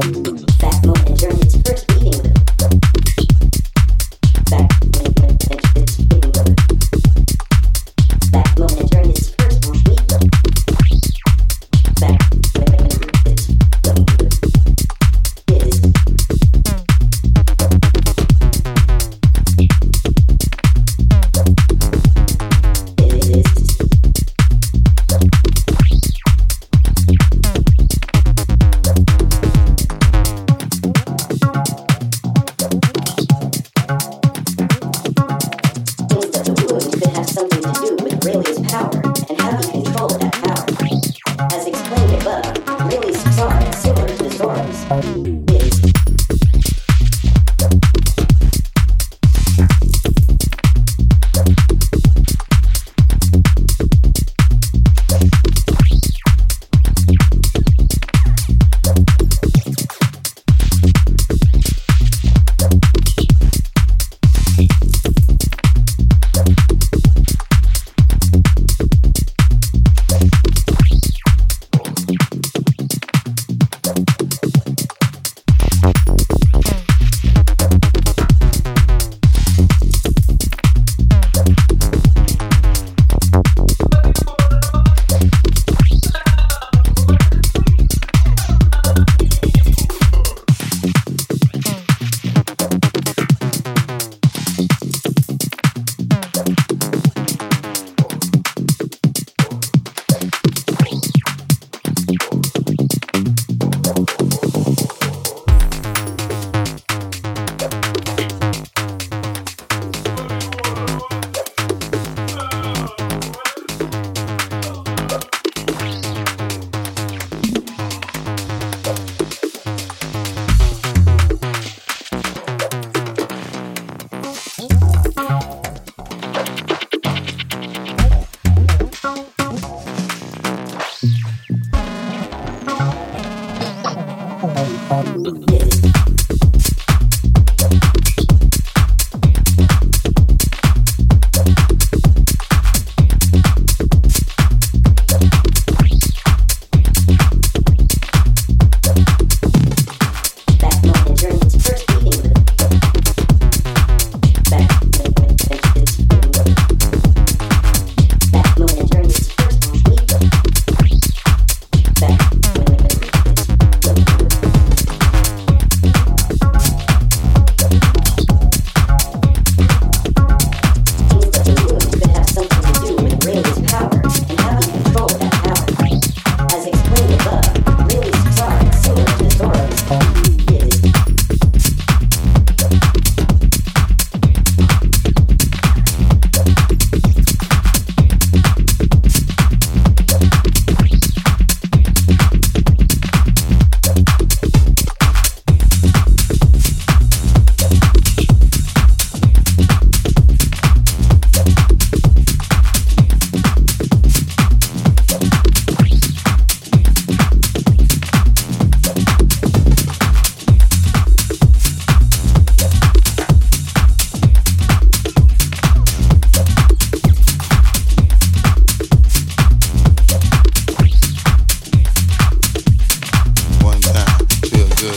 Ciao.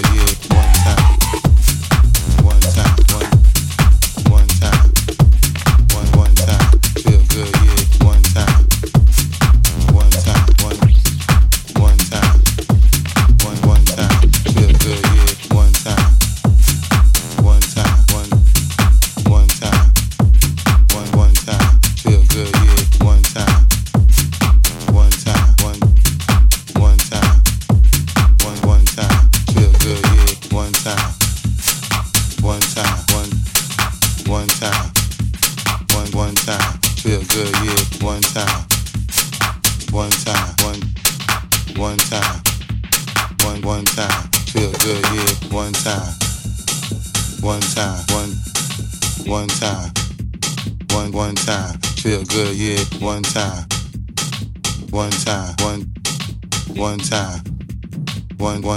you one time.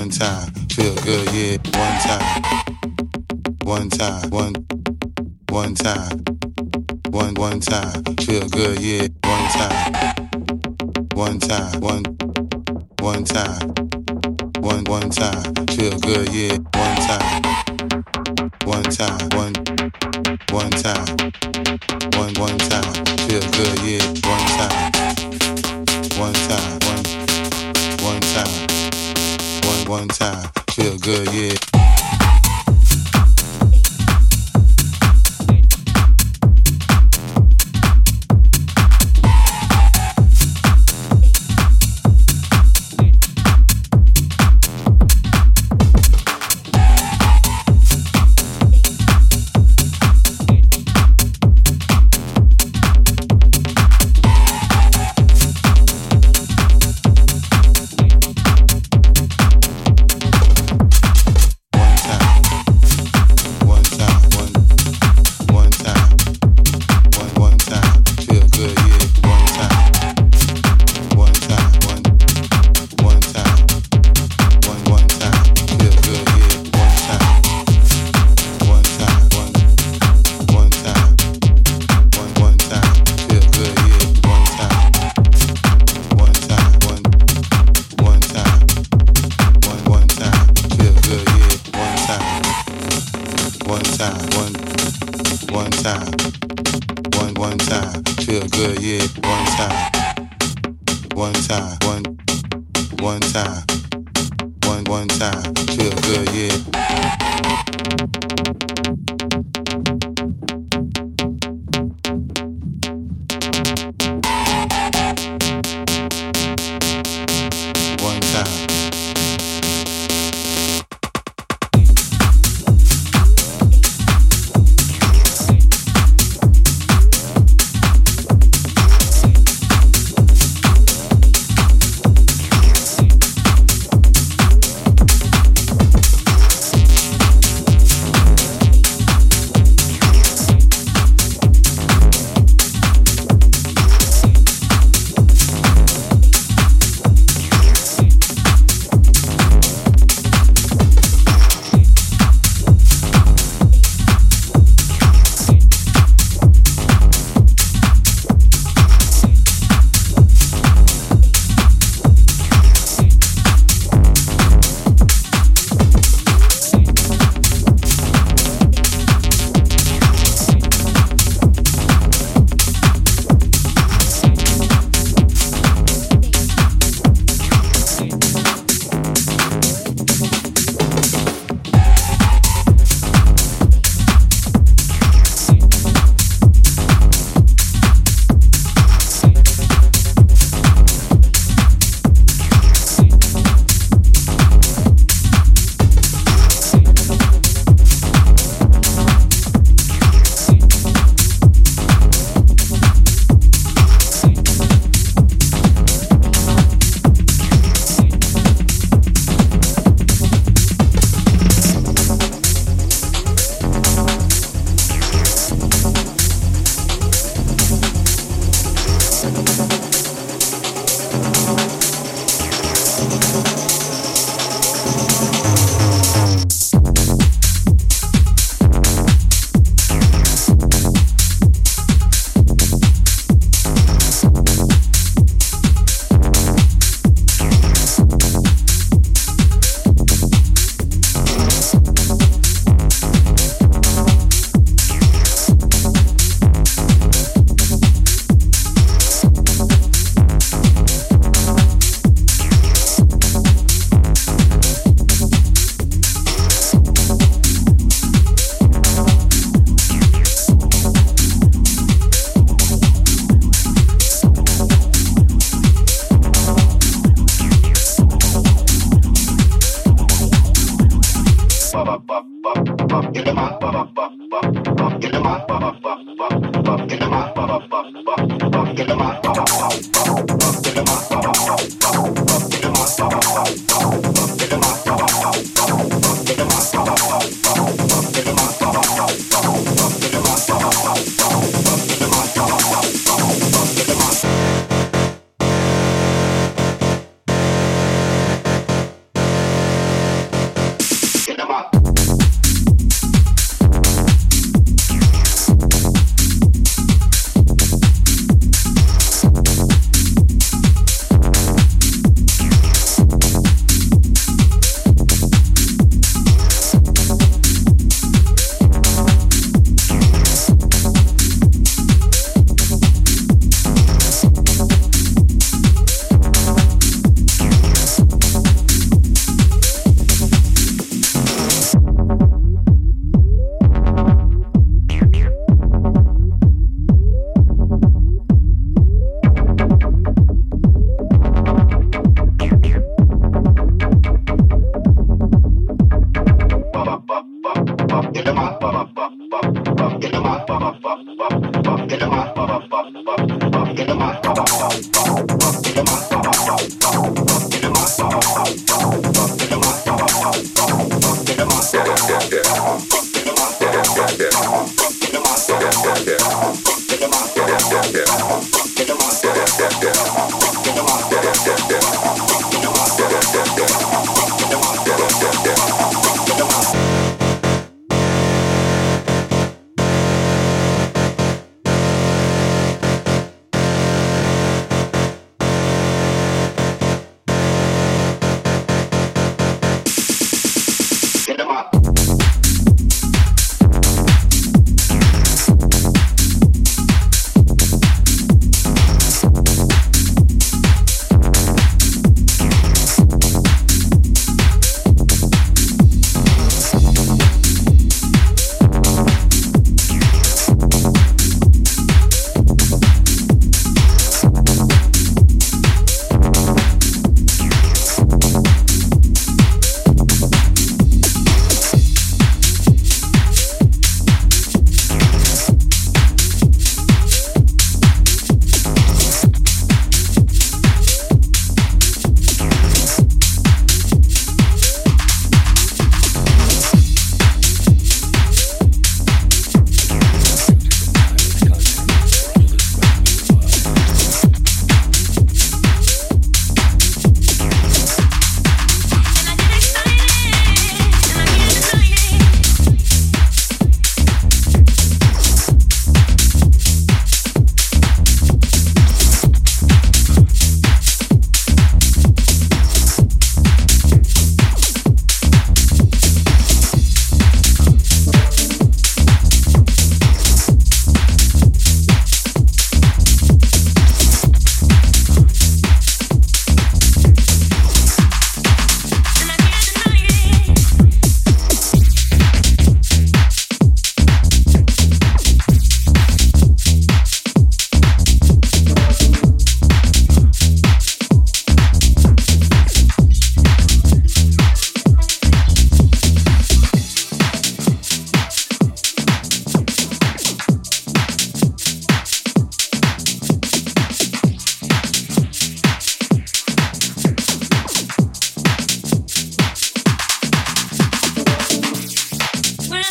One time, feel good, yeah. One time.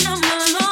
I'm alone.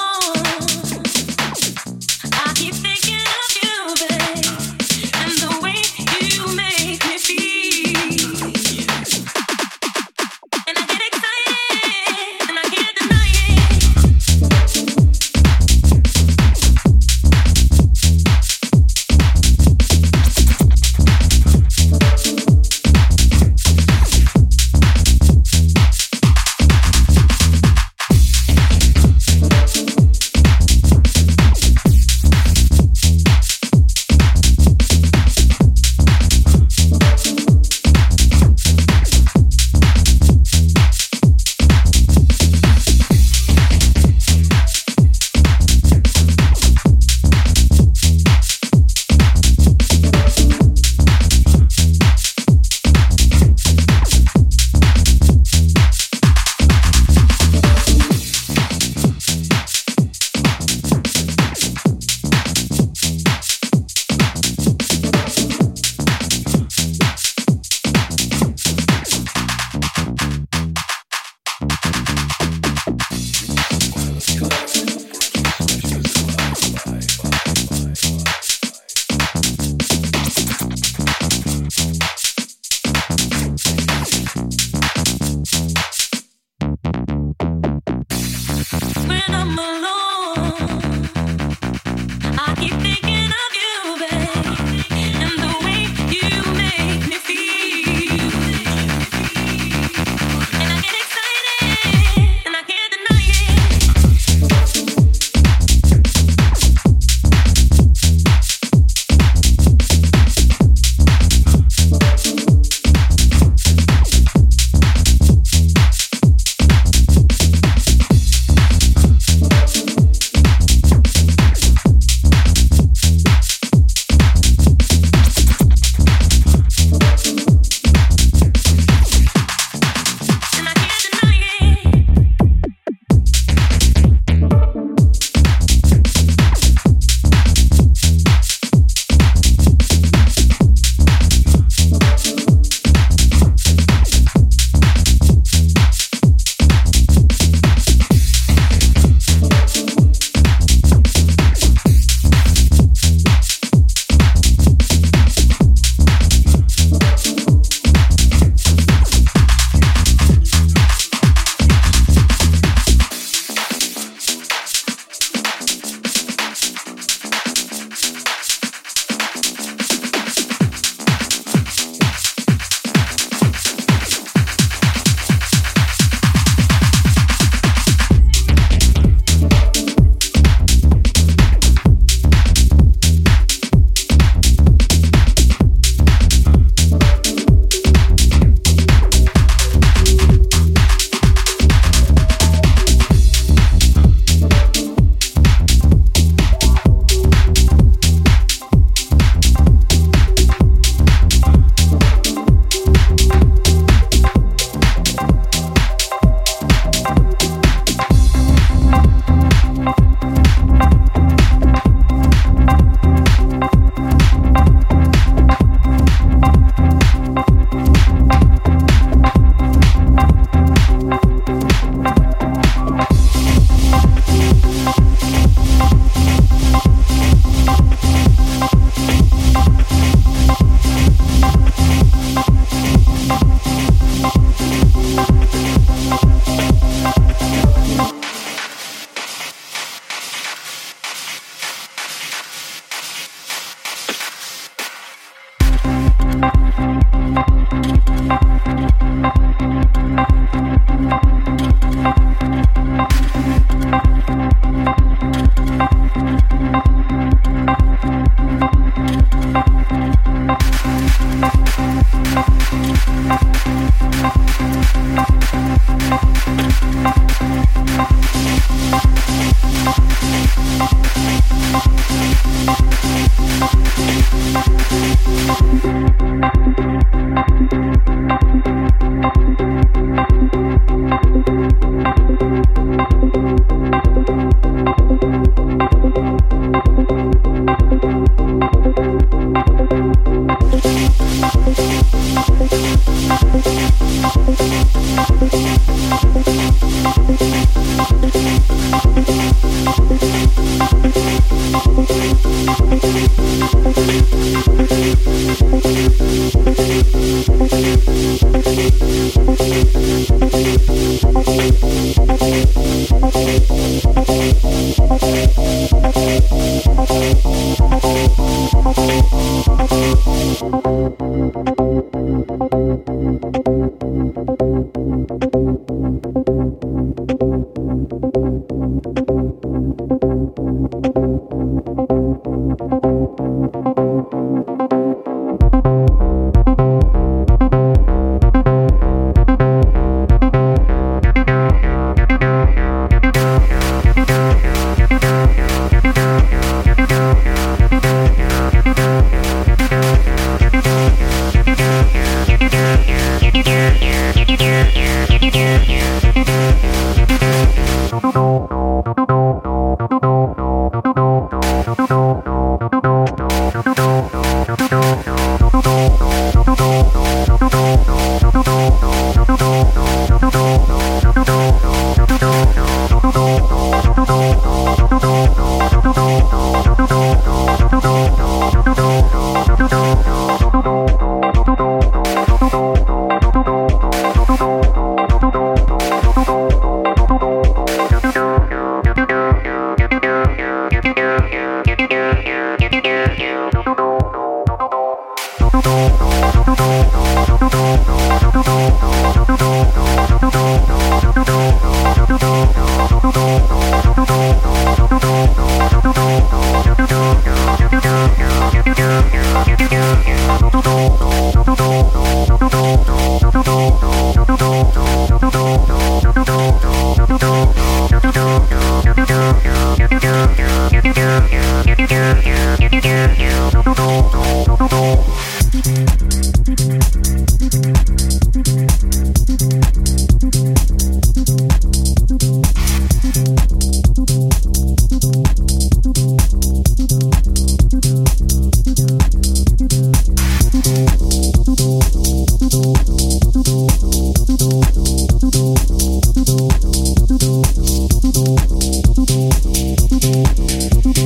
Thank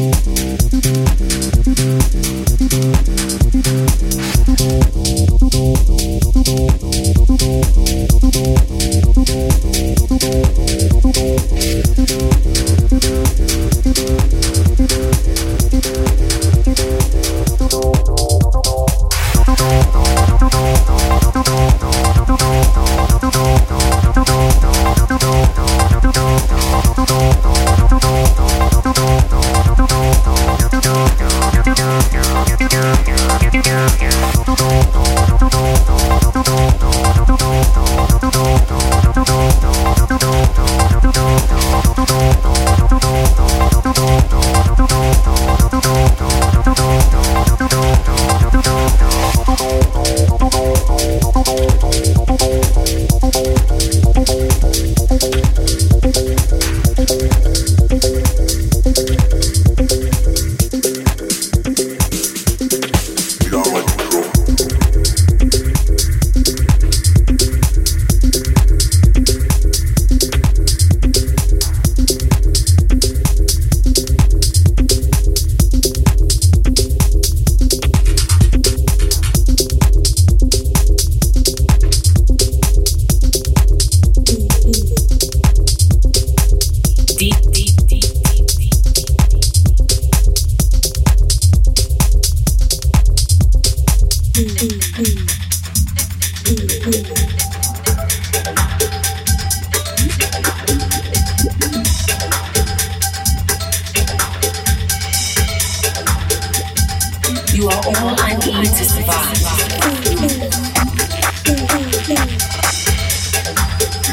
you.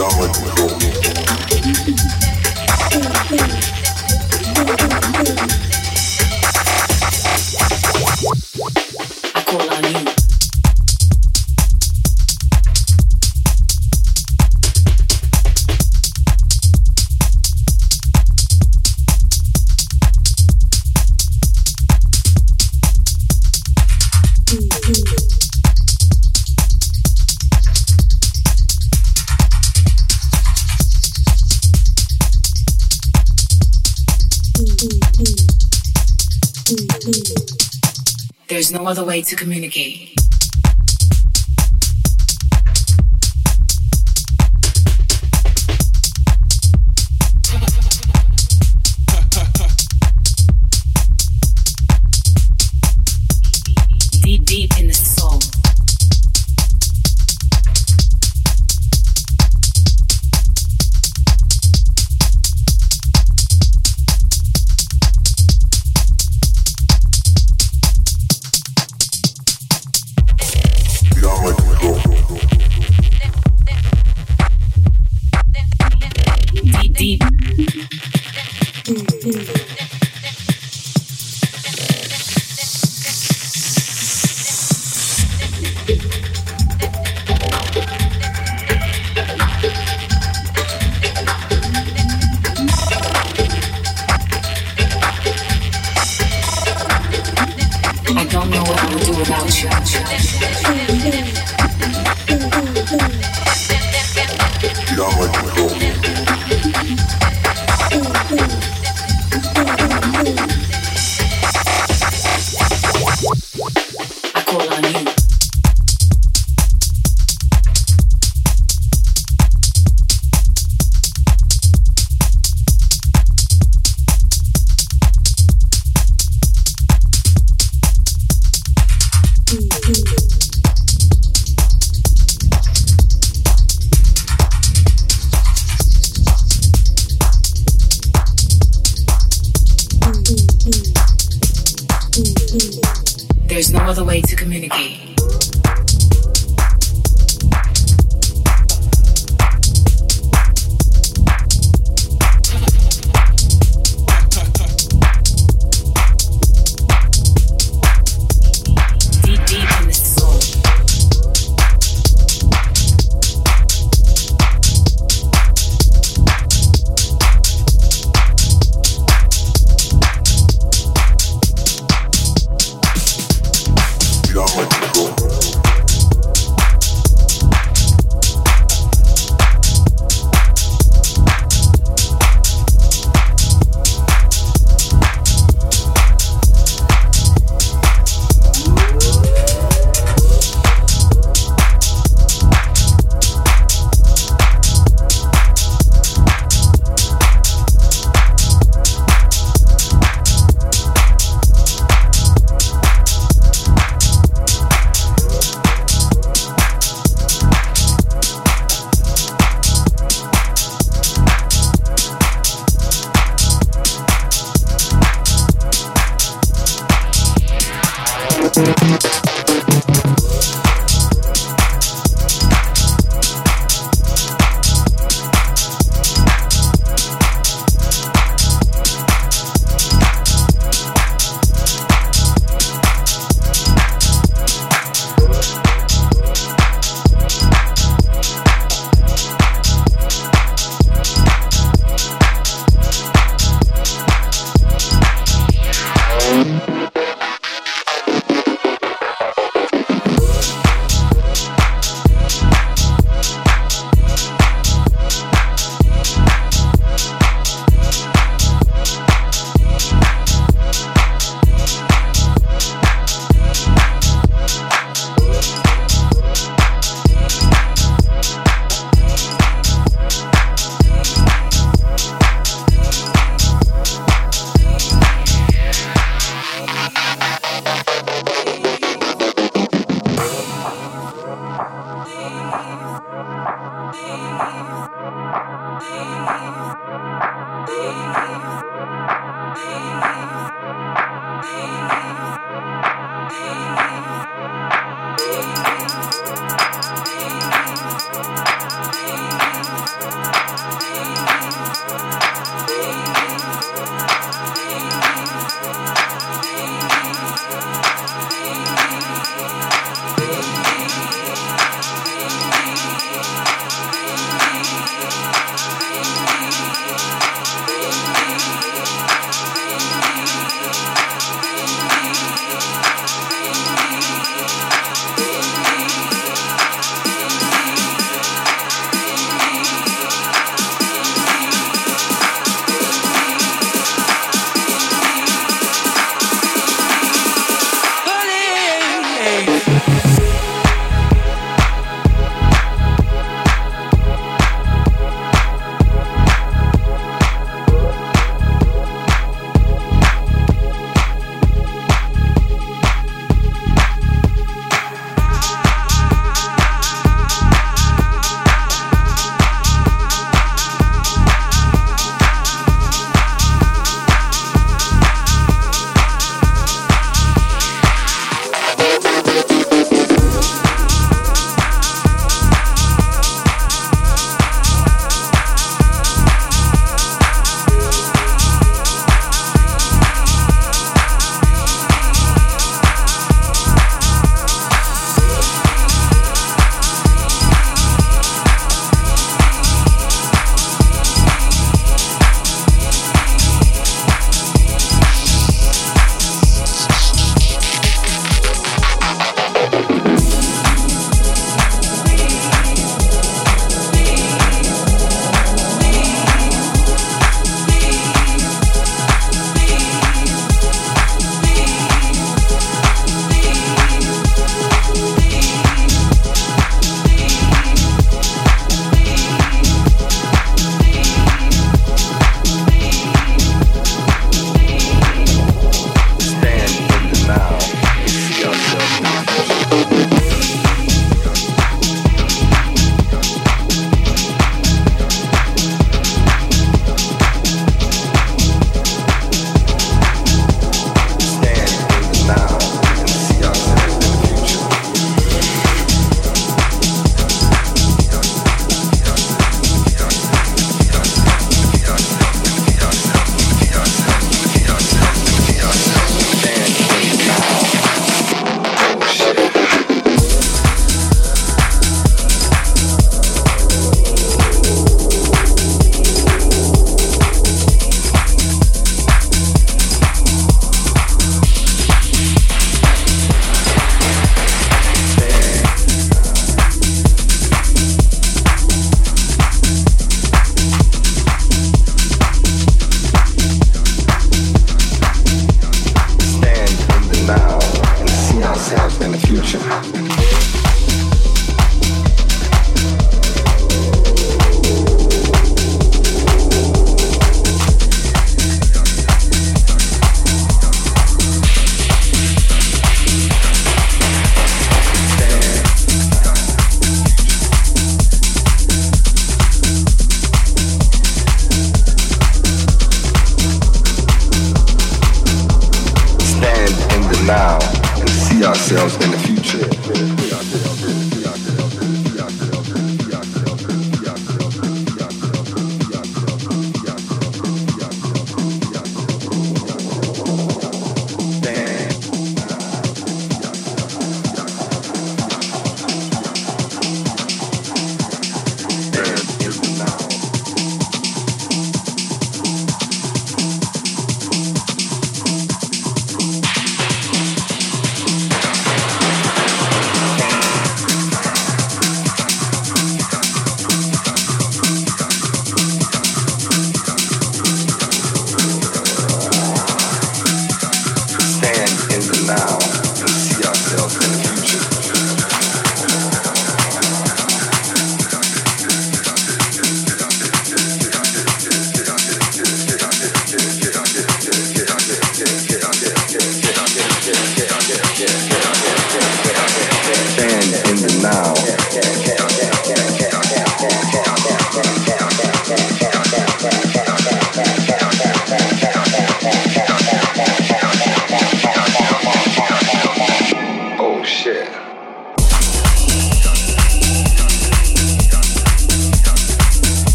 Thank you. other way to communicate.